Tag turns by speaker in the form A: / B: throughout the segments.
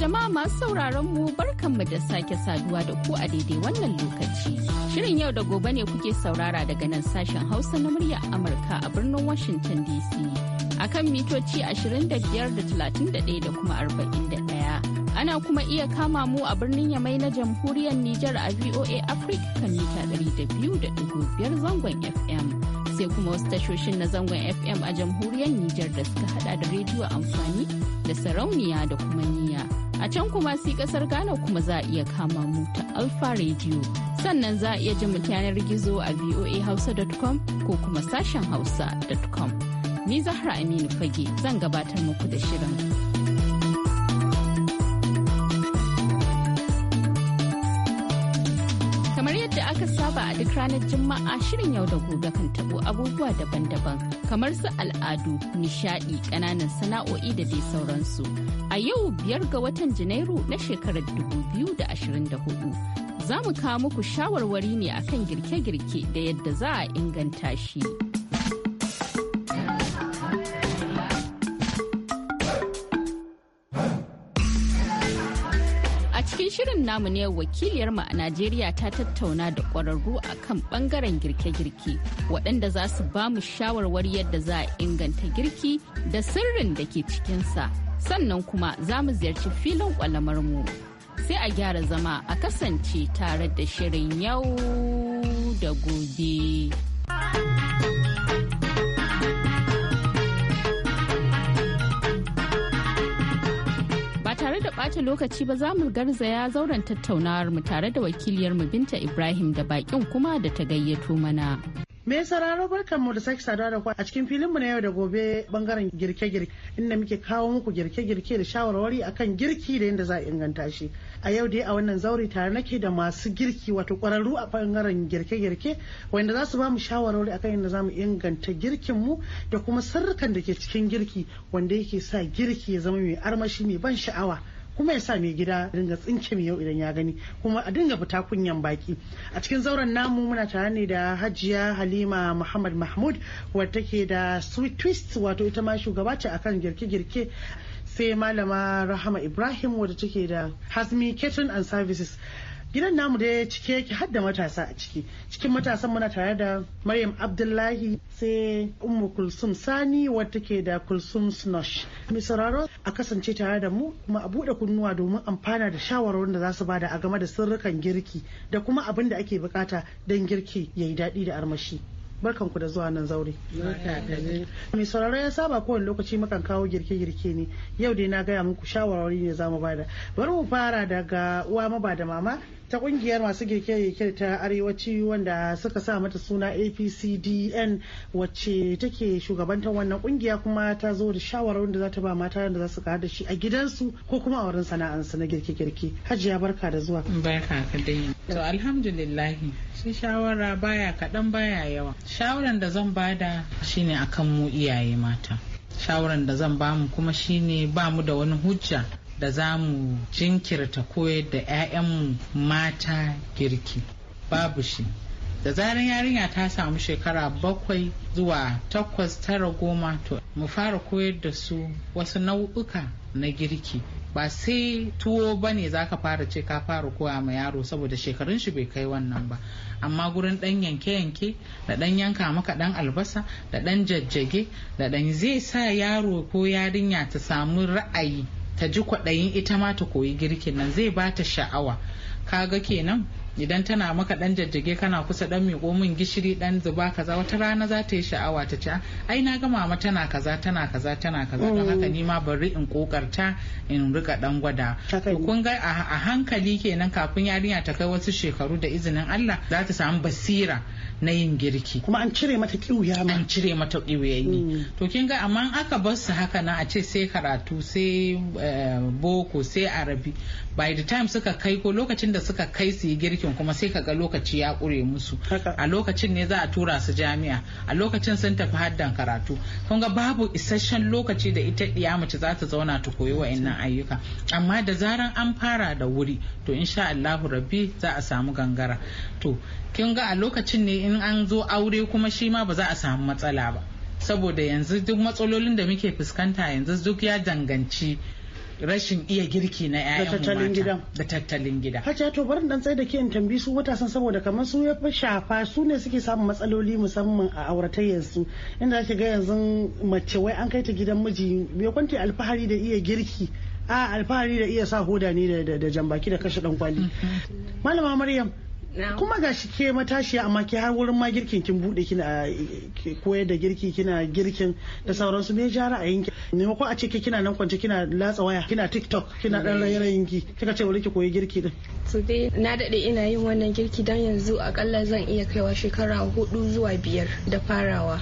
A: jama'a masu sauraron mu barkanmu da sake saduwa da ku a daidai wannan lokaci. Shirin yau da gobe ne kuke saurara daga nan sashen Hausa na muryar Amurka a birnin Washington DC. a kan mitoci 25.31 da da kuma 41. ana kuma iya kama mu a birnin yamai na jamhuriyar Nijar a VOA Africa kan mita 200.5 zangon FM. Sai kuma wasu tashoshin na zangon FM a jamhuriyar Nijar da suka hada da rediyo amfani da sarauniya da kuma niya. A can kuma si kasar Ghana kuma za a iya kama mu ta Alfa Radio. Sannan za a iya jin yanar gizo a voahausa.com ko kuma sashen hausa.com. Ni Zahra Aminu Fage zan gabatar muku da shirin. Kamar yadda aka saba a duk ranar Juma'a shirin yau da gobe kan tabo abubuwa daban-daban kamar su al'adu, nishadi, ƙananan sana'o'i da dai sauransu. A yau biyar ga watan Janairu na shekarar 2024 za mu kawo muku shawarwari ne akan girke-girke da yadda za a inganta shi. cikin shirin namu ne wakiliyar mu a Najeriya ta tattauna da ƙwararru a kan ɓangaren girke-girke waɗanda za su ba mu shawarwari yadda za a inganta girki da sirrin da ke cikinsa sannan kuma za mu ziyarci filin mu sai a gyara zama a kasance tare da shirin yau da gobe. tare da ɓata lokaci ba za mu garzaya zauren tattaunawar mu tare da wakiliyar mu Binta Ibrahim da bakin kuma da ta gayyato mana.
B: Me sauraro barkan mu da sake saduwa da ku a cikin filin mu na yau da gobe bangaren girke-girke inda muke kawo muku girke-girke da shawarwari akan girki da yadda za a inganta shi. A yau dai a wannan zauri tare nake da masu girki wato kwararru a bangaren girke-girke wanda za su ba mu shawarwari akan yadda za mu inganta girkin mu da kuma sirrikan da ke cikin girki wanda yake sa girki ya zama mai armashi mai ban sha'awa. kuma ya sa mai gida dinga tsinke mai yau idan ya gani kuma a dinga fita kunyan baki a cikin zauren namu muna tare ne da hajiya halima muhammad mahmud wadda take da sweet twist wato ita ma shugaba ce akan girke-girke sai malama rahama ibrahim wadda take da hazmi catering and services gidan namu dai cike yake har matasa a ciki cikin matasan muna tare da maryam abdullahi sai ummu kulsum sani wadda take da kulsum snosh mai sauraro a kasance tare da mu kuma a bude kunnuwa domin amfana da shawarwarin da za su bada a game da sirrukan girki da kuma abin da ake bukata don girki ya yi daɗi da armashi barkanku da zuwa nan zaure. Mai sauraro ya saba kowane lokaci mukan kawo girke-girke ne yau dai na gaya muku shawarwari ne za mu bada. Bari mu fara daga uwa maba da mama ta kungiyar masu keke-keke ta arewaci wanda suka sa mata suna apcdn wacce take shugabantar wannan kungiya kuma ta zo da shawarar da za ta ba mata da za su da shi a gidansu ko kuma a wurin sana'ansu na girke-girke hajiya barka da zuwa
C: barka ka dai to
D: alhamdulillah shi shawara baya kaɗan baya yawa shawaran da zan bada shine akan mu iyaye mata shawaran da zan bamu kuma shine bamu da wani hujja da za mu jinkirta koyar da 'ya'yanmu mata girki babu shi da zarar yarinya ta samu shekara bakwai zuwa takwas tara goma to mu fara koyar da su wasu nau'uka na girki ba sai tuwo ba ne za ka fara ce ka fara koya ma yaro saboda shekarun shi bai kai wannan ba amma gurin dan yanke-yanke da dan yanka maka dan albasa da dan jajjage da dan zai sa yaro ko yarinya ta samu ra'ayi ta ji kwaɗayin ita ma ta koyi girkin nan zai ba ta sha'awa kaga kenan idan tana maka dan jajjage kana kusa dan miƙo min gishiri dan zuba kaza wata rana za ta yi sha'awa ta ce ai na ga mama tana kaza tana kaza tana kaza don haka ni ma bari in kokarta in rika dan gwada to kun ga a hankali kenan kafin yarinya ta kai wasu shekaru da izinin Allah za ta samu basira na yin girki kuma an cire mata kiwuya ma an cire mata kiwuyayi mm. to kin ga amma aka bar su haka na a ce sai karatu sai eh, boko sai arabi by the time suka kai ko lokacin da suka kai su yi girki aikin kuma sai ka ga lokaci ya ƙure musu a lokacin ne za a tura su jami'a a lokacin sun tafi haddan karatu kun ga babu isasshen lokaci da ita ɗiya mace za ta zauna ta koyi wa'annan ayyuka amma da zaran an fara da wuri to insha Allahu rabbi za a samu gangara to kin ga a lokacin ne in an zo aure kuma shi ma ba za a samu matsala ba saboda yanzu duk matsalolin da muke fuskanta yanzu duk ya danganci rashin iya girki na 'ya'yan da tattalin gida da tattalin gida
B: hajja to barin dan tsaye da ke tambi su matasan saboda kamar su ya fi shafa su ne suke samun matsaloli musamman a auratayyansu inda ake ga yanzu mace wai an kai ta gidan miji bai kwanti alfahari da iya girki a alfahari da iya sa hoda ne da jan baki da kashe dan kwali mm-hmm. malama maryam kuma ga shi ke matashi amma ke har wurin ma girkin kin bude kina koyar da girki kina girkin da sauransu me ja ra'ayin ki ko a ce ke kina nan kwance kina latsa waya kina tiktok kina dan mm. rayayin ki kika ce wuri ki koyi girki din
E: to dai na dade ina yin wannan girki dan yanzu akalla zan iya kaiwa shekara hudu zuwa biyar da farawa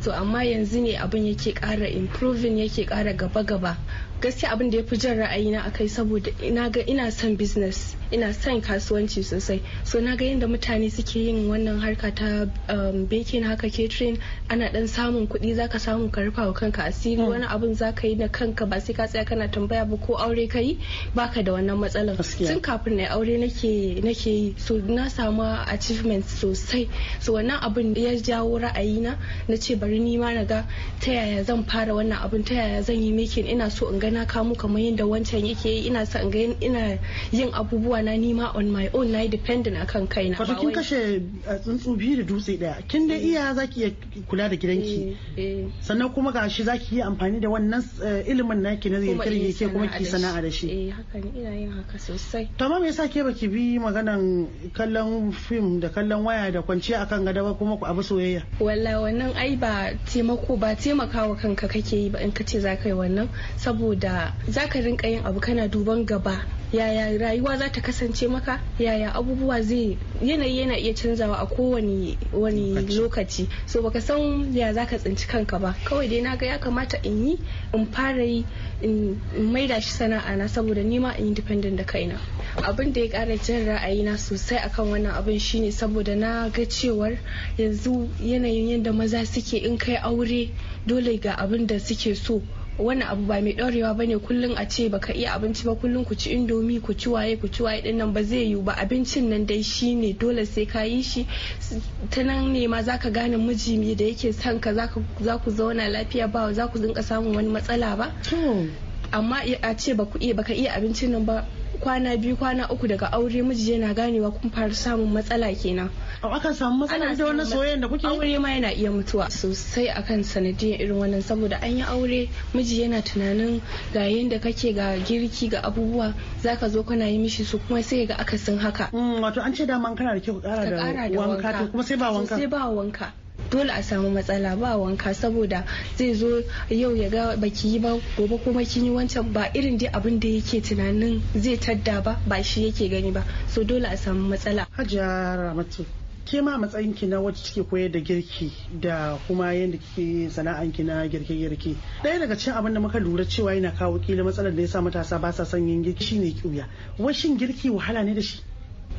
E: to amma yanzu ne abin yake kara improving yake kara gaba-gaba gaskiya abin da ya fi jan ra'ayina a kai saboda ina ga ina son business ina son kasuwanci sosai so na ga yadda mutane suke yin wannan harka ta um, baking haka catering ana dan samun kuɗi zaka samu ka rufa wa kanka asiri hmm. wani abin zaka yi na kanka ba sai ka tsaya kana tambaya ba ko aure kai baka da wannan matsalar tun kafin na aure nake nake yi so na samu achievement sosai so wannan abin ya jawo ra'ayina na ce bari ni ma na ga ta yaya zan fara wannan abin ta yaya zan yi making ina so in ga na kamu kamar yadda wancan yake yi ina son ga ina yin abubuwa na nima on my own na dependent akan kaina wato kin kashe
B: eh, tsuntsu biyu da dutse daya kin da mm. iya zaki iya kula da gidanki eh, eh. sannan kuma gashi zaki yi amfani da wannan ilimin naki na kirkirin yake kuma ki sana'a da shi eh
E: haka ne ina yin haka
B: sosai to amma me yasa ke baki bi maganan kallon film da kallon waya da kwanciya akan gada ba kuma ku abu soyayya
E: wallahi wannan ai ba taimako ba taimakawa kanka kake yi ba in kace za yi wannan saboda saboda za ka rinka yin abu kana duban gaba yaya rayuwa za ta kasance maka yaya abubuwa zai yanayi yana iya canzawa a kowane wani lokaci so baka san ya za ka tsinci kanka ba kawai dai naga ya kamata in yi in fara yi in maida shi sana'a na saboda nima in independent da kaina abin da ya kara jin na sosai akan wannan abin shine saboda na ga cewar yanzu yanayin yadda maza suke in kai aure dole ga abin da suke so wannan abu ba mai ɗorewa ba ne kullum a ce baka iya abinci ba kullum ku ci indomi ku ci waye ku ci waye din nan ba zai yiwu ba abincin nan dai shi ne dole sai ka yi shi ta nan ne ma ka gane miji me da yake son ka za ku zauna lafiya ba za ku dinka samun wani matsala ba amma a ce baka iya abincin nan ba kwana biyu kwana uku daga aure miji yana ganewa kun fara samun matsala kenan a akan samu matsala da wannan soyayyen da kuke aure ma yana iya mutuwa sosai akan sanadiyar irin wannan saboda an yi aure miji yana tunanin ga yanda kake ga girki ga abubuwa zaka zo kana yi mishi su kuma sai ga akasin haka mm, wato an ce da man kana da kyau kara da wanka kuma sai ba wanka sai ba wanka dole a samu matsala ba wanka saboda zai zo yau ya ga baki yi ba gobe kuma kin yi wancan ba irin dai abin da yake tunanin zai tadda ba ba shi yake gani ba so dole a samu matsala hajiya ramatu
B: ke ma matsayin ki na wacce kike koyar da girki da kuma yadda kike sana'an ki na girke girke ɗaya daga cikin abin da muka lura cewa yana kawo kila matsalar da ya sa matasa ba sa son
C: yin girki shine kiuya wai shin girki wahala ne da shi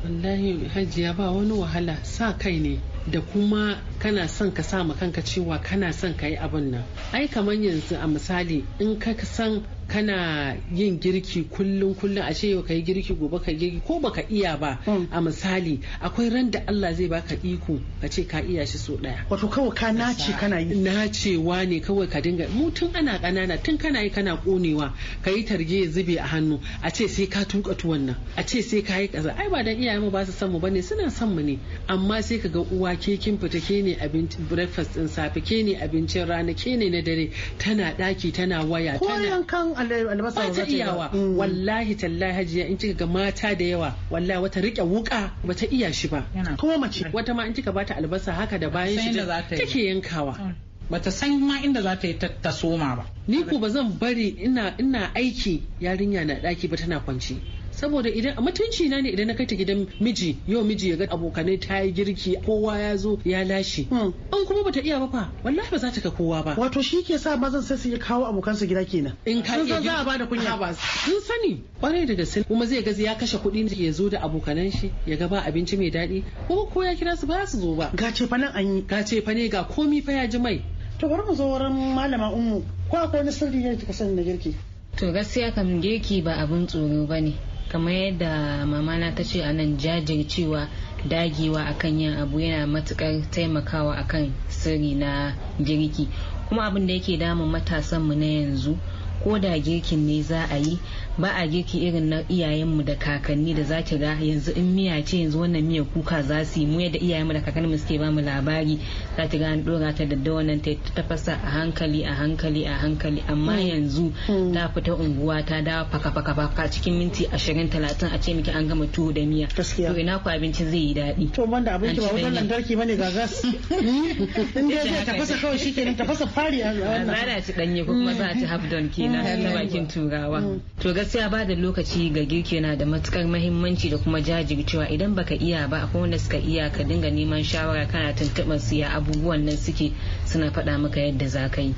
C: wallahi hajiya ba wani wahala sa kai ne da kuma kana son ka sa kanka cewa kana son ka yi abin nan ai kamar yanzu a misali in ka san kana yin girki kullum kullum a ce ka yi girki gobe ka girki ko baka iya ba hmm. a misali akwai ran da Allah zai baka iko ka ce ka iya shi so daya wato kawai ka nace kana yi nacewa ne kawai ka dinga mu tun ana kanana tun kana yi kana konewa ka yi targe zube a hannu a ce sai ka tuka tuwon nan a ce sai ka yi kaza ai ba dan iyaye mu ba su san mu bane suna san mu ne amma sai ka ga uwa ke kin fita ke ne abinci breakfast din safe ke ne abincin rana ke ne na dare tana daki tana waya
B: tana ba ta iyawa
C: mm. wallahi tallahi hajiya in kika ga mata da yawa wallahi wata rike wuka ba ta iya shi ba kuma mace wata ma in kika bata albasa haka da bayan shi take yankawa mm. bata san ma inda za ta yi ta soma ba ni ko ba zan bari ina ina aiki yarinya na daki ba tana kwanci saboda idan mutunci na ne idan na kai ta gidan miji yau miji ya ga abokanai ta yi girki kowa ya zo ya lashe an hmm. kuma bata iya ba fa wallahi ba za ta ga kowa ba
B: wato shi ke sa mazan sai su kawo abokansu gida
C: kenan in ka iya za a da kunya ba sun sani kwarai da gaske kuma zai ga ya kashe kuɗi ne ya zo da abokanan shi ya ga ba abinci mai daɗi ko ko ya kira su ba su zo ba ga ce fa nan an yi ga ce fa ne ga komi fa ya ji mai
F: to bari mu zo wurin malama ummu ko akwai wani sirri ne da kika na girki to gaskiya kam girki ba abin tsoro bane kamar yadda mamana ta ce a nan jajircewa dagewa akan yin abu yana matukar taimakawa akan sirri na girki kuma abin da yake damun matasanmu na yanzu ko da girkin ne za a yi ba a girki irin na iyayenmu da kakanni da za ga yanzu in miya ce yanzu wannan miya kuka za su yi mu yadda iyayenmu da kakanninmu suke ba mu labari za ki ga an dora ta da wannan ta tafasa a hankali a hankali a hankali amma mm. yanzu mm. ta fita unguwa ta dawo faka faka faka cikin minti ashirin talatin a ce miki an gama tuwo da miya to ina ku abinci zai yi daɗi to banda abinci ba wajen
B: lantarki ne ga gas in dai zai tafasa kawai shikenan tafasa fari a wannan za a
F: ci danye ko kuma za a ci half ke kenan na bakin turawa mm. to gaskiya ba da lokaci ga girki na da matukar mahimmanci da kuma jajircewa idan baka iya ba akwai wanda suka iya ka dinga neman shawara kana tuntuɓar su ya abubuwan nan suke suna faɗa maka yadda za ka yi.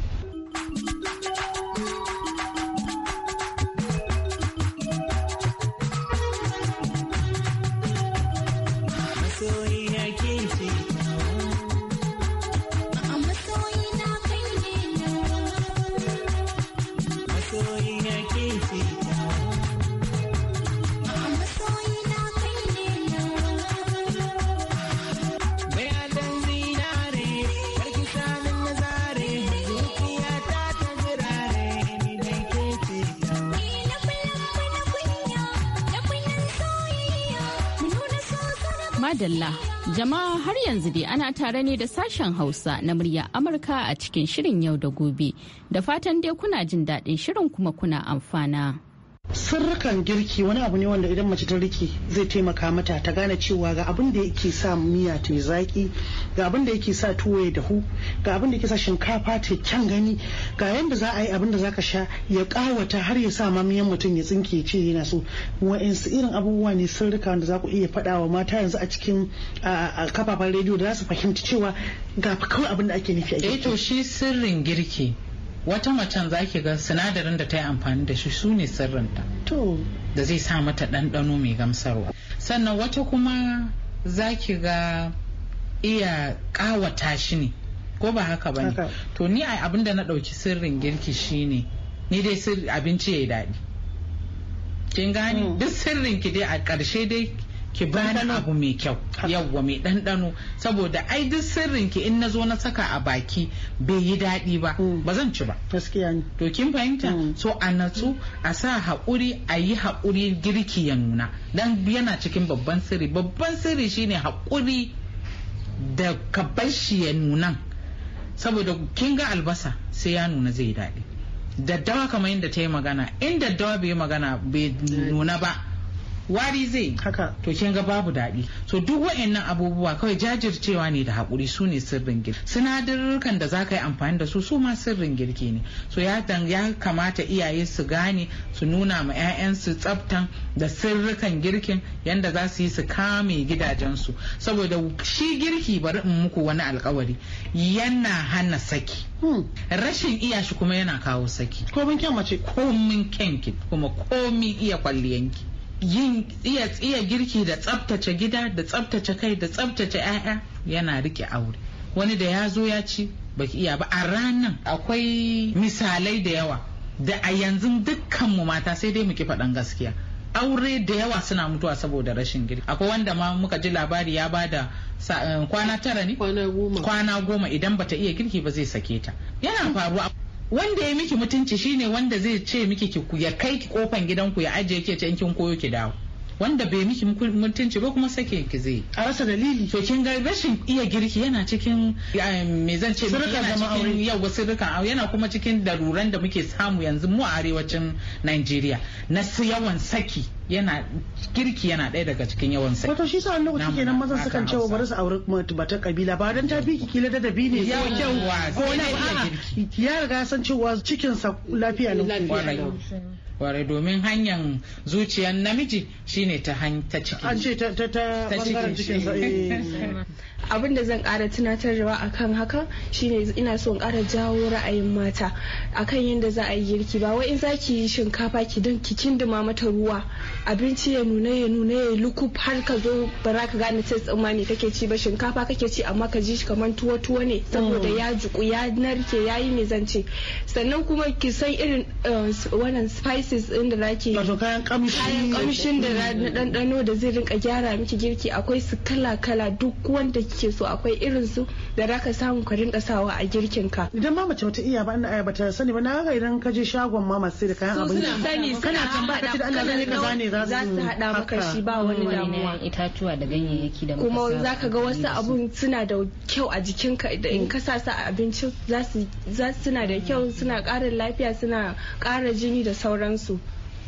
A: madalla. Jama'a har yanzu dai ana tare ne da sashen Hausa na murya Amurka a cikin shirin yau da gobe. Da fatan dai kuna jin daɗin shirin kuma kuna amfana. sirrukan
B: girki wani abu ne wanda idan mace ta riki zai taimaka mata ta gane cewa ga abin da yake sa miya ta yi zaki ga abin da yake sa tuwo ya dahu ga abin da yake sa shinkafa ta kyan gani ga yanda za a yi abin da ka sha ya kawata har ya sa ma miyan mutum ya tsinke ya ce yana so wa'insu irin abubuwa ne sirrika da za ku iya faɗa wa mata yanzu a cikin kafafen rediyo da za su fahimci cewa ga kawai abin da ake nufi a girki.
D: Eh to shi sirrin girki wata macen za ki ga sinadarin da ta yi amfani da shi su ne sirrinta to da zai sa mata ɗanɗano mai gamsarwa sannan wata kuma za ki ga iya ƙawata shi ne ko ba haka ba ne to ni a abin da na ɗauki sirrin girki shi ne ni dai abinci ya yi daɗi kin gani mm. duk sirrin ki dai a ƙarshe dai ki bani abu mai kyau yawwa mai ɗanɗano saboda ai duk sirrin ki in nazo na saka a baki bai yi daɗi ba hmm. ba zan ci ba gaskiya ne to kin fahimta hmm. so a natsu a sa haƙuri a yi haƙuri girki ya nuna dan yana cikin babban sirri babban sirri shine haƙuri da ka bar shi ya nuna saboda kin ga albasa sai ya nuna zai daɗi daddawa kamar yadda ta yi magana in daddawa bai magana bai hmm. nuna ba wari zai haka to kin ga babu daɗi so duk wa'annan abubuwa kawai jajircewa ne da haƙuri su ne sirrin girki sinadarurrukan da za ka yi amfani da su su ma sirrin girki ne so ya kamata iyaye su gane su nuna ma 'ya'yansu tsaftan da sirrukan girkin yanda za su yi su kame gidajensu saboda shi girki bari in muku wani alkawari yana hana saki hmm. rashin iya shi kuma yana kawo saki komin kyan mace komin kyan kuma komin iya kwalliyanki yin iya girki da tsabtace gida da tsabtace kai da tsabtace 'ya'ya yana rike aure wani da ya zo ya ci baki iya ba a ranan akwai misalai da yawa da a yanzu dukkanmu mata sai dai muke faɗan gaskiya aure da yawa suna mutuwa saboda rashin girki akwai wanda ma muka ji labari ya bada eh, kwana tara ne kwana goma idan bata iya girki ba zai sake ta yana faruwa wanda ya miki mutunci shine wanda zai ce miki ki ya kai ki kofan gidanku ya ajiye ki ce in kin koyo ki dawo wanda bai miki mutunci ba kuma sake ki zai a rasa dalili to kin ga rashin iya girki yana cikin me zan ce yana cikin yau wasu yana kuma cikin daruran da muke samu yanzu mu a arewacin Najeriya na su yawan saki yana girki yana ɗaya daga cikin yawan sai.
B: Wato shi sa wani lokaci kenan mazan sukan cewa bari su auri mata kabila ba dan ta bi kila da dabi ne ko kyau ko na a'a ya riga san cewa cikin sa lafiya ne.
D: ware domin hanyar zuciyar namiji shine ta ta ciki
E: abin da zan kara tunatarwa akan hakan shine ina son kara jawo ra'ayin mata akan yadda za a yi girki ba wai in za ki yi shinkafa ki don ki kindima mata ruwa abinci ya nuna ya nuna ya lukub har ka zo ba za ka gane ta tsamma ne kake ci ba shinkafa kake ci amma ka ji shi kamar tuwo tuwo ne saboda ya juku ya narke ya yi me zan ce sannan kuma ki san irin eh, wannan spices din da zaki wato kayan kamshin da na dandano da zai rinka gyara miki girki akwai su kala kala duk wanda kike so akwai irin su da zaka samu ka rinka sawa a girkin ka idan ma mace wata iya
B: ba ina aya bata sani ba na ga idan ka je shagon ma masu da kayan abinci kana tambaya ka ce da Allah zai
F: ka gane za su hada maka shi ba wani damuwa itatuwa da ganyayyaki da kuma zaka ga
E: wasu abun suna da kyau a jikinka da in mm. ka sa su a abinci za su suna da kyau suna ƙara lafiya suna ƙara jini da sauransu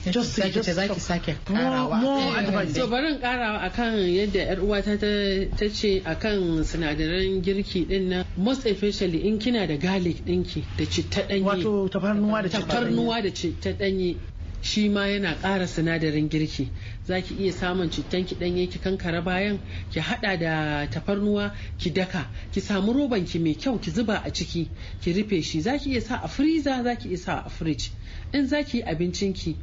D: just to za ki sake
C: karawa eh, so barin karawa akan yadda yar uwata ta ce akan sinadaran girki din nan most especially in kina da garlic dinki da citta danye wato tafarnuwa da citta tafarnuwa da danye shi ma yana ƙara sinadarin girki za ki iya samun cittan ki ɗanye ki kankara bayan ki haɗa da tafarnuwa ki daka ki samu roban ki mai kyau ki zuba a ciki ki rufe shi za ki iya sa a freezer za ki iya sa a fridge in za ki yi abincin ki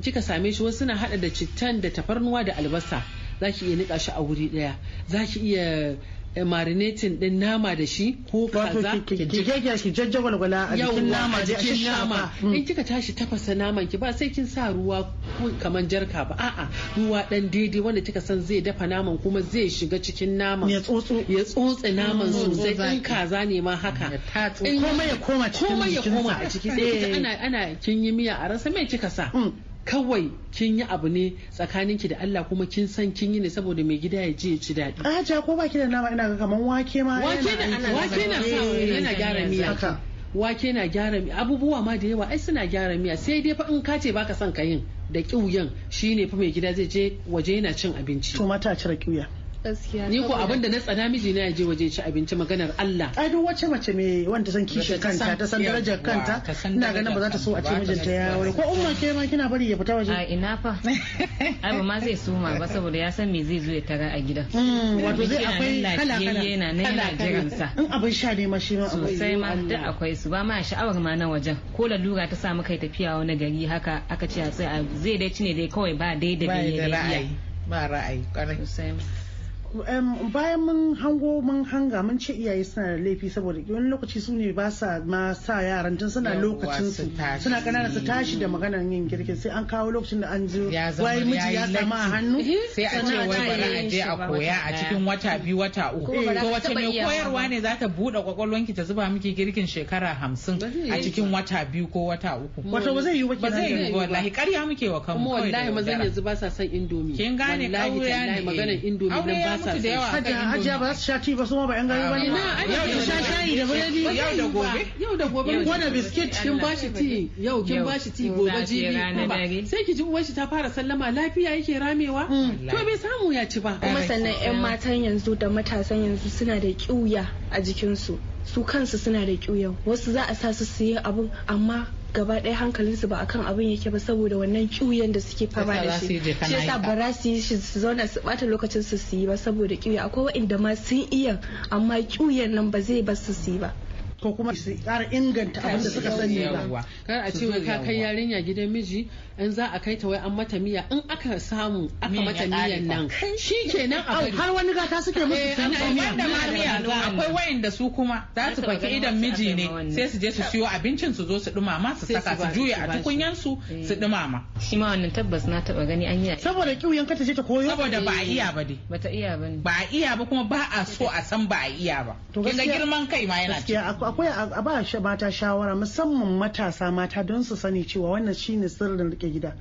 C: kika same shi wasu na hada da cittan da tafarnuwa da albasa za ki iya nika shi a wuri daya za ki iya eh, marinating din nama da shi ko kaza ki gwalgwala a jikin nama da jikin nama mm. in kika tashi tafasa naman ki ba sai kin sa ruwa kamar jarka ba a'a ruwa dan daidai wanda kika san zai dafa naman kuma zai shiga cikin naman ya tsotso ya tsotse naman mm, sosai in kaza ne ma haka komai ya koma cikin komai ya koma a ciki sai eh. ana ana kin yi miya a rasa mai kika sa mm. kawai kin yi abu ne tsakanin ki da Allah kuma kin san kin yi ne saboda mai gida ya je ya ci daɗi. A ja ko baki
B: da nama ina ga kaman wake ma wake na wake na eh, yana gyara miya.
C: Wake na gyara miya abubuwa ma da yawa ai suna gyara miya sai dai fa in ka ce baka son ka yin da ƙiuyan shine fa mai gida zai je waje yana cin abinci. To mata cire ƙiuya.
E: gaskiya ni ko abin da
C: na tsana miji na je waje ci abinci maganar Allah
B: ai duk wace mace me wanda san kishi kanta ta san darajar kanta ina ganin ba za ta so a ce mijinta ya wani ko umma ke ma kina bari ya fita waje a ina fa
F: ai ba ma zai suma ba saboda ya san me zai zo ya tara a gidan mm, wato zai akwai kala kala yana nan yana jiran sa in abin sha ne ma shi ma akwai sai ma duk akwai su ba ma sha'awar ma na wajen ko lalura ta sa kai tafiya wani gari haka aka ce a zai dai ci ne dai kawai ba dai da dai ba ra'ayi ba ra'ayi bayan
B: mun hango mun hanga mun ce iyaye suna da laifi saboda wani lokaci su ne ba sa ma sa yaran tun suna lokacin su suna kanana su tashi da maganar yin girki sai an kawo lokacin da an ji wai miji ya sama a hannu sai a ce wai bara a je a koya a cikin
D: wata biyu wata uku Ko wace mai koyarwa ne za ta buɗe kwakwalwanki ta zuba miki girkin shekara hamsin a cikin wata biyu ko wata uku wato ba zai yi ba zai yi wallahi ƙarya muke wa kanmu wallahi
C: mazan yanzu ba sa son indomi kin gane aure ne maganar indomi nan ba mutu da yawa hajiya ba
B: za su sha ci ba su ma ba yan gari ba ne yau da sha shayi da biredi yau da gobe yau da gobe wanda biskit kin bashi ti
C: yau kin bashi ti gobe jibi sai ki ji uwar shi ta fara
E: sallama lafiya yake
C: ramewa hmm. to bai samu ya ci ba kuma sannan
E: yan matan yanzu da matasan yanzu suna da kiuya a jikinsu su kansu suna da kiuya wasu za a sa su su yi abun amma gaba ɗaya hankalinsu ba akan abin yake ba saboda wannan kiwuyan da suke fama da shi shi yasa ba za su yi shi su zauna su bata lokacin su su yi ba saboda kiwuya akwai waɗanda ma sun iya amma kiwuyan nan ba zai ba su su yi ba ko kuma su ƙara inganta abin
C: da suka sani ba kar a ce wai ka kai yarinya gidan miji in za a kai ta wai an mata miya
D: in aka samu aka mata miyan nan shikenan a har wani gata suke musu eh, sun yi miya akwai wayan da su kuma za su faki idan miji ne sai su je su siyo abincin su zo su dumama su saka su juya a tukunyan su su dumama
F: eh. shi ma wannan tabbas na taba gani an yi saboda kiwon ka ta je ta koyo saboda ba a eh. iya ba dai bata iya ba ba a iya ba kuma ba
D: a so a san ba a iya ba kinga girman kai ma yana gaskiya akwai a ba mata shawara
B: musamman matasa mata don su sani cewa wannan shine sirrin rike gida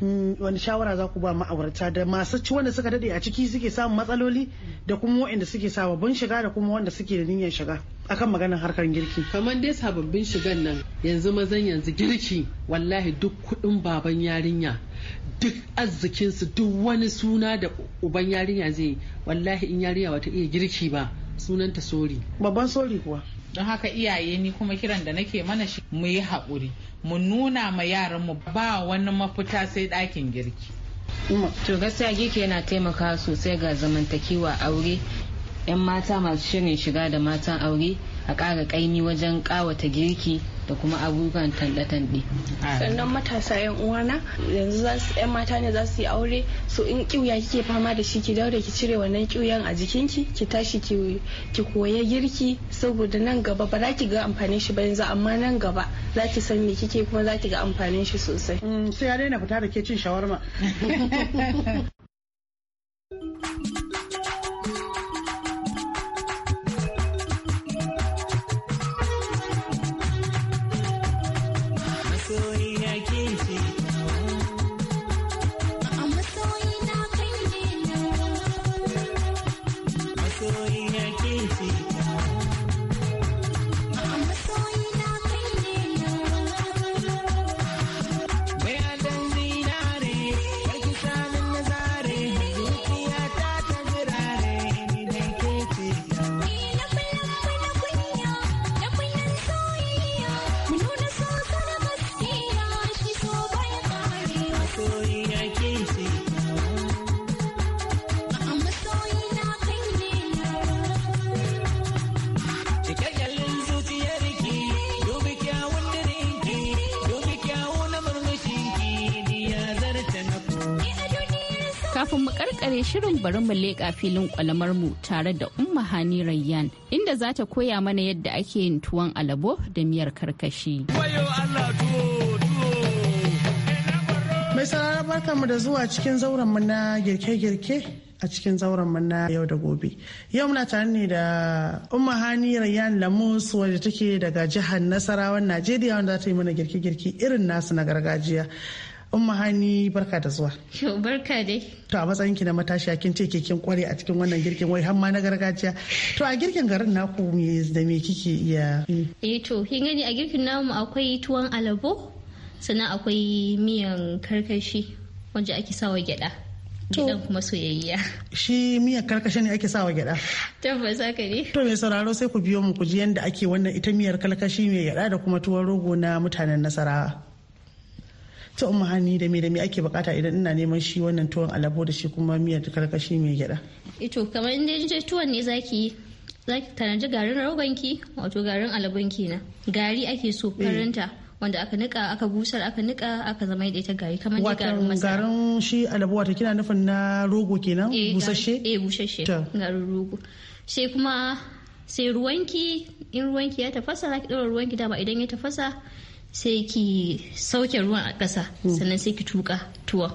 B: mm, wani shawara za ku ba ma'aurata da masu ci wanda suka dade a ciki suke samun matsaloli da kuma waɗanda
C: suke sababbin shiga da kuma wanda suke da niyyar shiga akan maganar harkar girki kamar dai sababbin shigan nan yanzu mazan yanzu girki wallahi duk kuɗin baban yarinya duk arzikinsu duk wani suna da uban yarinya zai wallahi in yarinya bata iya girki ba sunanta sori babban sori kuwa
D: don haka iyaye ni kuma kiran da nake mana shi mu yi haƙuri mu nuna ma yaran mu ba wani mafita sai ɗakin
F: girki to gaskiya girki yana taimaka sosai ga zamantakewa aure 'yan mata masu shirin shiga da matan aure a ƙara ƙaimi wajen ƙawata girki da kuma abubuwan tanɗe-tanɗe. sannan
E: matasa yan uwana yanzu yan mata ne za su yi aure so in kyuya kike fama da shi ki daure ki cire wannan kiwyan a jikinki ki tashi ki koya girki saboda nan gaba ba za ki ga amfanin shi ba yanzu amma nan gaba za ki san me kike kuma za ki ga amfanin shi sosai. Mm, sai ya daina fita da ke cin shawarma.
A: kare shirin bari mu leƙa filin kwalamar mu tare da Umma Hani Rayyan inda za ta koya mana yadda ake yin tuwon alabo da miyar karkashi. Mai sarara mu
B: da zuwa cikin zauren na girke-girke a cikin zauren na yau da gobe. Yau muna tare ne da Umma Hani Rayyan Lamus wadda take daga jihar Nasarawan Najeriya wanda za ta yi mana girke-girke irin nasu na gargajiya. Umma Hani barka da zuwa. Yau barka dai. To a matsayin ki na matashiya kin ce ke kin kware a cikin wannan girkin wai har ma na gargajiya. To a girkin garin naku me da me kike iya?
G: Eh to kin gani a girkin namu akwai tuwon alabo sannan akwai miyan karkashi wanda ake sawa gyada. Gidan kuma soyayya. Shi miyan karkashi ne ake sawa gyada.
B: Tabbas haka ne. To me sauraro sai ku biyo mu ku ji yanda ake wannan ita miyar karkashi mai gyada da kuma tuwon rogo na mutanen Nasarawa. ta umma hani da me da me ake bukata idan ina neman shi wannan tuwon alabo da shi kuma miyar karkashi mai gyada
G: ito eh kamar inda je tuwon ne zaki yi zaki tanaji garin rogonki wato garin alabon na gari ake so eh. farinta wanda aka nika aka busar aka nika aka zama da ita gari kamar da garin masara
B: garin shi alabo wata kina nufin na rogo kenan eh, busasshe
G: eh busasshe garin rogo sai kuma sai ruwanki in ruwanki ya tafasa zaki ɗora ruwanki dama idan ya tafasa sai ki sauke ruwan a ƙasa mm. sannan sai ki tuka tuwon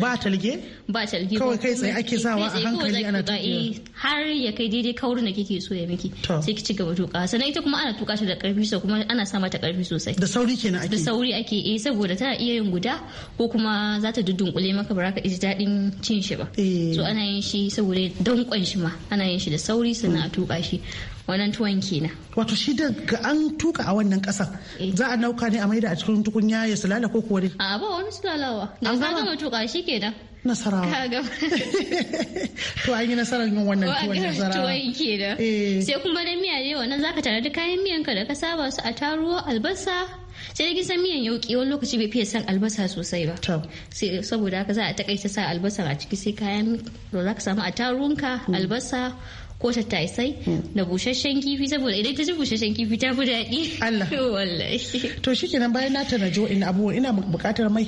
G: ba talge ba talge kawai kai tsaye ake sawa a hankali ana tuka eh, har ya kai daidai kaurin da kike so ya miki sai ki ci gaba tuka sannan ita kuma ana tuka ta da karfi sosai kuma ana sa mata karfi sosai da sauri kenan ake da sauri ake eh saboda tana iya yin guda ko kuma za ta dudunkule maka baraka ji dadin cin shi ba eh. so ana yin shi saboda dankon shi ma ana yin shi da sauri sannan a tuka shi wannan tuwon kenan wato shi da an tuka a wannan kasa eh. za a nauka ne a maida a cikin tukunya ya sulala ko kuwa ne a ba wani sulalawa na ka gama tuka shi kenan nasarawa
B: to an yi nasarar yin wannan tuwon nasarawa
G: kenan eh. sai kuma da miya ne wannan zaka tare da kayan miyan ka da ka saba su a taruwa albasa sai da gisan miyan yauki wani lokaci bai fiye san albasa sosai ba sai saboda haka za a takaita sa albasa a ciki sai kayan da za ka samu a tarunka mm. albasa ko taisai da hmm. busasshen kifi saboda idan ta ci busasshen kifi ta fi daɗi Allah wallahi
B: to shikenan bayan na jo ina abubuwan ina buƙatar mai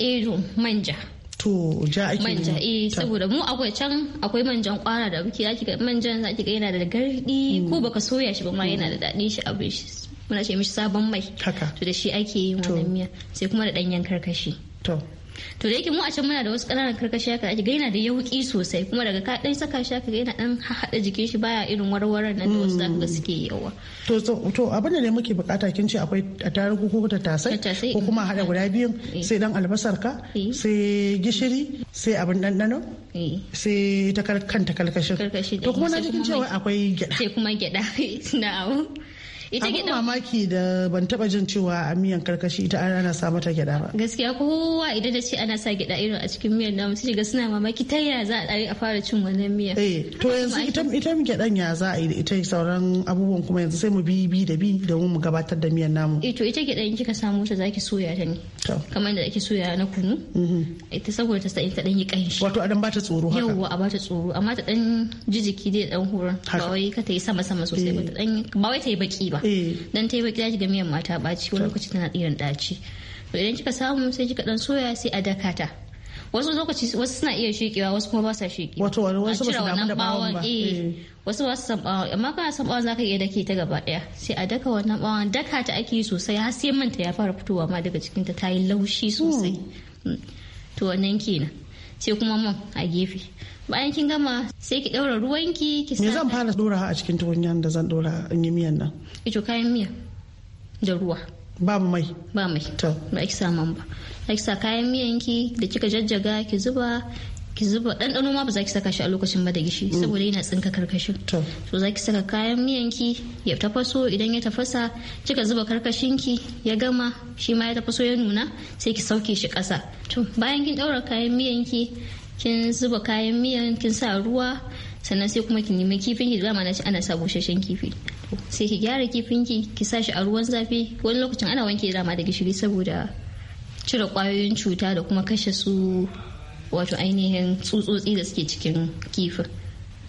G: Edo eh, manja
C: to ja
B: ake manja eh saboda
G: mu akwai can akwai manjan kwara da muke zaki manjan zaki ga yana da gardi hmm. ko baka soya shi ba ma yana da daɗi shi abin shi muna ce mishi sabon mai haka to da shi ake yin wannan miya sai kuma da ɗanyen karkashi to to da yake mu a can muna da wasu ƙananan karkashi haka ake gaina da yauki sosai kuma daga ka ɗan saka shi haka gaina ɗan haɗa jikin shi baya irin warwaran nan da wasu zaka ga suke yawa
B: to to abin da ne muke bukata kin ce akwai a tarin ko ta tasai ko kuma haɗa guda biyun eh. sai dan albasar ka eh. sai gishiri sai abin ɗanɗano eh. sai ta kanta karkashin to kuma na jikin cewa
G: akwai gyaɗa. sai kuma gyaɗa na'am ita gida mamaki
B: da ban taba jin cewa a miyan karkashi ita ana sa mata gida ba
G: gaskiya kowa idan da ce ana sa gida irin a cikin miyan namu sai ga suna mamaki ta yaya za a a fara cin wannan miya eh to yanzu
B: ita ita gidan ya za a yi da ita sauran abubuwan kuma yanzu sai mu bi bi da bi domin mu gabatar da miyan
G: namu eh to ita gidan kika samu ta zaki soya ta ne kamar da ake soya na kunu mm-hmm. ita saboda ta sai ta dan yi kanshi wato a dan bata tsoro haka yawwa a bata tsoro amma ta dan jijiki dai dan horon ba wai ka ta yi sama sama sosai ba eh. ta dan ba wai ta yi baki ba Mm. dan ta yi baki daji ga miyan mata ɓaci wani lokaci tana tsirin daci to idan kika samu sai kika dan soya sai a daka ta wasu lokaci wasu suna iya shekewa wasu kuma ba sa shekewa wato wani wasu ba su damu da bawon ba eh, mm. wasu ba su san bawon amma kana san bawon zaka iya dake ta gaba daya sai a daka wannan bawon daka ta ake sosai har sai manta ya fara fitowa ma daga cikin ta tayi laushi sosai mm. to wannan kenan sai kuma man a gefe bayan kin gama sai ki ɗaura ruwanki ki me zan fara dora a cikin tukunya da zan dora in yi miyan nan ito kayan miya da ruwa ba mu mai ba mai to ba ki sa man ba ki sa kayan miyanki da kika jajjaga ki zuba ki zuba ɗanɗano ma ba za ki saka shi a lokacin ba da gishi mm. saboda yana tsinka karkashin to za ki saka kayan miyan ki ya tafaso idan ya tafasa kika zuba karkashin ki ya gama shi ma ya tafaso ya nuna sai ki sauke shi ƙasa to bayan kin ɗaura kayan miyan ki kin zuba kayan miyan kin sa ruwa sannan sai kuma ki nemi kifin ki dama na ci ana sa busasshen kifi sai ki gyara kifin ki ki sa shi a ruwan zafi wani lokacin ana wanke dama da gishiri saboda cire kwayoyin cuta da kuma kashe su wato ainihin tsutsotsi da suke cikin kifin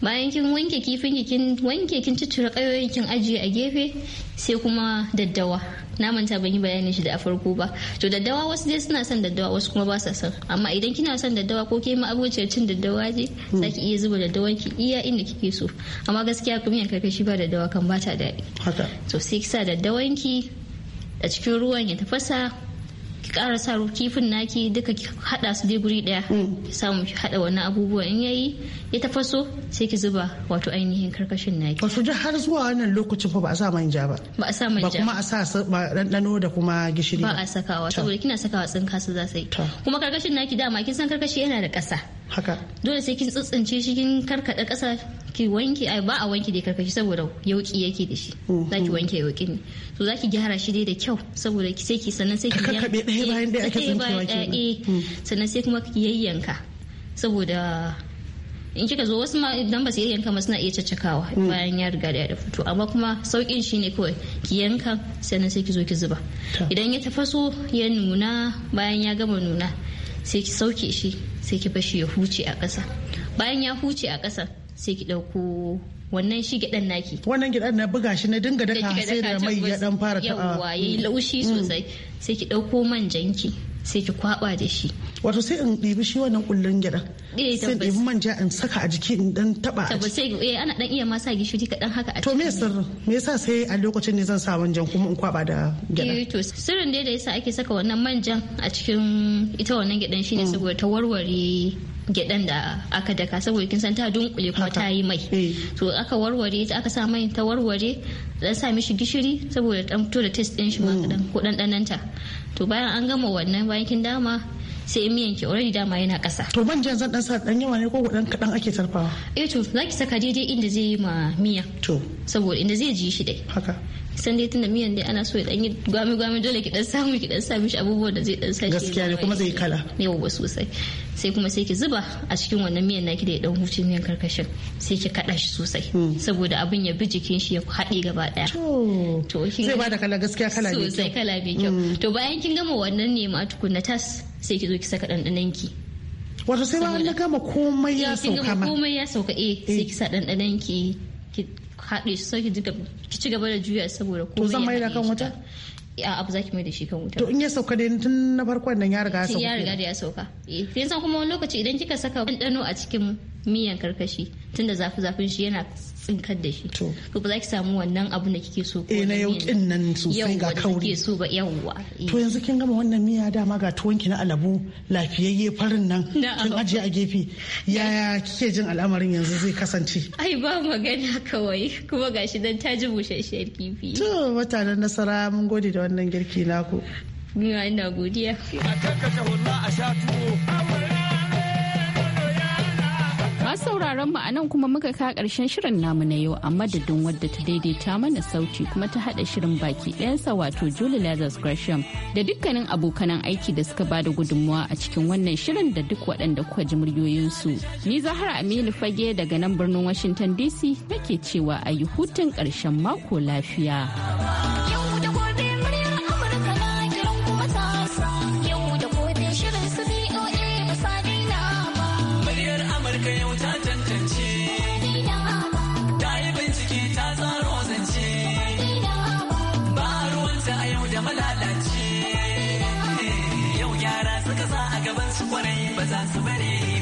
G: bayan kin wanke kifin kin wanke kin ciccire kayoyi kin ajiye a gefe sai kuma daddawa na manta ban yi bayanin shi da a farko ba to daddawa wasu dai suna son daddawa wasu kuma ba sa son amma idan kina son daddawa ko ke ma'abociyar cin daddawa ce hmm. za ki iya zuba daddawa ki iya inda kike so amma gaskiya miyan karkashi ba daddawa kan ba daɗi to sai ki sa daddawan ki a cikin ruwan ya tafasa ki ƙara sa kifin naki duka ki haɗa su dai guri ɗaya mm. ki samu ki haɗa wannan abubuwa in yayi ya tafaso sai ki zuba wato ainihin karkashin naki
B: wato da har zuwa wannan lokacin fa ba a sa manja ba
G: ba a sa manja ba kuma a sa
B: ɗanɗano da kuma gishiri ba a
G: sakawa saboda kina sakawa tsinka su za su yi kuma karkashin naki dama kin san karkashi yana da ƙasa haka dole sai kin tsitsince shi kin karkada ƙasa ki wanke ai ba a wanke da karkashi saboda yauki yake da shi mm-hmm. za ki wanke yauki ne to za ki gyara shi dai da kyau saboda ki sai ki sannan sai ki ka ɗaya bayan ɗaya ake tsinkewa kenan sannan sai kuma ki yayyanka saboda in kika zo wasu ma idan ba su yayyanka ma suna iya caccakawa mm. bayan ya riga da ya fito amma kuma saukin shi ne kawai ki yanka sannan sai ki zo ki zuba idan ya tafaso ya nuna bayan ya gama nuna sai ki sauke shi sai ki shi ya huce a ƙasa bayan ya huce a ƙasa sai ki ɗauko wannan shi gidan naki wannan gidan na buga shi na dinga daka sai da mai ya dan fara ta yawa yayi mm. laushi mm. sosai sai ki dauko janki sai ki kwaba da shi wato sai in ɗibi shi wannan kullun gidan eh, sai in ɗibi manja in saka a jiki in dan taba a sai eh ana dan iya ma sa gishiri dan haka a to me sirrin
B: me yasa sai a lokacin ne zan sa manjan kuma in kwaba da gidan
G: eh to sirrin da yasa ake saka wannan manjan a cikin ita wannan gidan shine mm. saboda ta warware gyaɗan da aka daka saboda kin san ta dunkule kuma ta yi mai eh. to aka warware ta aka sa mai ta warware dan sa mishi gishiri saboda dan fito da test din shi ma mm. kadan ko dandanan ta to bayan an gama wannan bayan kin dama sai miyan ki already dama yana kasa. To manjan zan dan sa dan yawa ne ko dan kaɗan ake sarfawa. Eh to zaki saka daidai inda zai yi ma miya. To. Saboda inda zai ji shi dai. Haka. san dai tunda miyan dai ana so ya dan yi gwami gwami dole ki dan samu ki dan samu shi abubuwan da zai dan sa gaskiya ne kuma zai kala Ne wa sosai sai kuma sai ki zuba a cikin wannan miyan naki da ya dan huce miyan karkashin sai ki kada shi sosai hmm. saboda abin ya bi jikin shi ya haɗe gaba daya to zai bada kala gaskiya kala ne sosai kala mai kyau hmm. to bayan kin gama wannan ne ma tukunna tas sai ki zo ki saka ɗanɗanon ki wato sai ba na gama komai ya eh, sauka ma komai ya sauka eh, eh sai ki sa ɗanɗanon ki ki haɗe su sai ki ci gaba da juya saboda komai to zan mai da kan wuta a eh, abu zaki mai da shi kan wuta to in ya sauka da tun na farko nan ya riga ya sauka ya riga da ya sauka eh sai kuma wani lokaci idan kika saka ɗanɗano a cikin miyan karkashi tunda zafi zafin shi yana tsinkar da shi to ba za ki samu wannan abun da kike so ko eh, na yau kin nan sosai ga kauri so ba yawwa
B: eh. to yanzu kin gama wannan miya dama ga tuwon ki na alabu lafiyayye farin nan kin ajiye a gefe yaya kike jin al'amarin yanzu zai kasance
G: ai ba magana kawai kuma gashi dan ta ji busasshiyar kifi to mutanen nasara mun
A: gode da wannan girki naku
G: ni ina godiya a wallahi a sha tuwo
A: sauraron mu a nan kuma muka ka karshen shirin namu na yau a madadin wadda ta daidaita mana sauti kuma ta hada shirin baki ɗayansa wato Julie Lazarus Gresham da dukkanin abokanan aiki da suka bada gudunmawa a cikin wannan shirin da duk waɗanda kuka ji muryoyinsu. Ni Zahra Aminu Fage daga nan birnin Washington DC nake cewa a yi hutun ƙarshen mako lafiya.
E: gaban su kwarai ba za